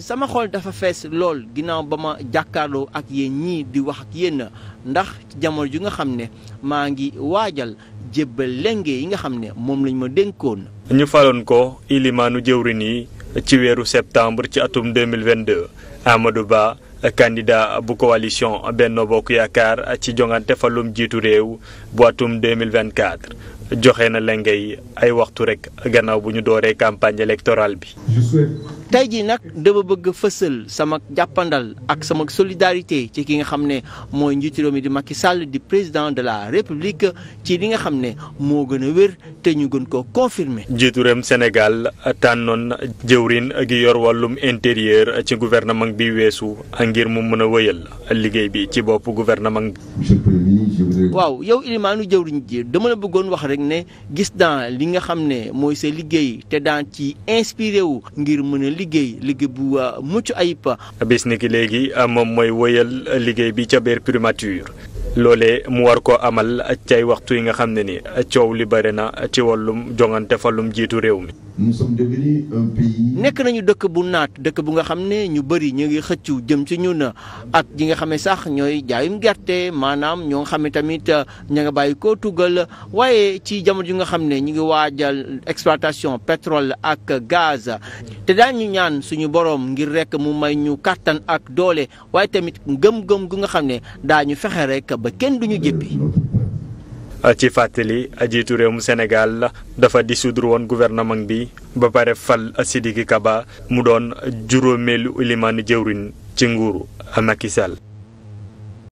sama xol dafa fees lool ginnaaw ba ma jàkkaarloo ak yéen ñii di wax ak yéen ndax ci jamono ju nga xam ne maa ngi waajal jébbal lenge yi nga xam ne moom lañ ma dénkoon. ñu faloon ko ilimaanu jëwrin yi ci weeru septembre ci atum 2022 Amadou Ba candidat bu coalition Benno Bokk Yaakaar ci jongante falum jiitu réew bu atum 2024 joxe na lenge yi ay waxtu rek gannaaw bu ñu dooree campagne électorale bi. tey jii nag dama bëgg a fësal sama jàppandal ak sama solidarité ci ki nga xam ne mooy njiitu réew mi di Macky Sall di président de la République ci li nga xam ne moo gën a wér te ñu gën koo confirmer. njiitu réewum Sénégal tànnoon jëwrin gi yor wàllum intérieur ci gouvernement bi weesu a ngir mu mën a wëyal liggéey bi ci bopp gouvernement bi. waaw yow ilimaanu jëwriñ ji dama la bëggoon wax rek ne gis naa li nga xam ne mooy sa liggéey te daan ci inspiré wu liggéey liggéey bu euh, mucc ay ayib bis ni ki léegi euh, moom mooy woyal liggéey bi ca biir primature loole mu war koo amal cay waxtu yi nga xam ne ni coow li bëri na ci wàllum jongante falum jiitu réew mi. nekk nañu dëkk bu naat dëkk bu nga xam ne ñu bëri ñu ngi xëccu jëm ci ñun ak ñi nga xam ne sax ñooy jaayum gerte maanaam ñoo xam ne tamit ña nga bàyyi koo tugal waaye ci jamono ji nga xam ne ñu ngi waajal exploitation pétrole ak gaz te daañu ñaan suñu borom ngir rek mu may ñu kàttan ak doole waaye tamit gëm gëm gu nga xam ne daañu fexe rek. ba kenn duñu jéppi ci fàttali jiitu réew mu Sénégal dafa dissoudre woon gouvernement bi ba pare fal Sidiki mu doon juróomeelu ilimaani jëwriñ ci nguuru Macky Sall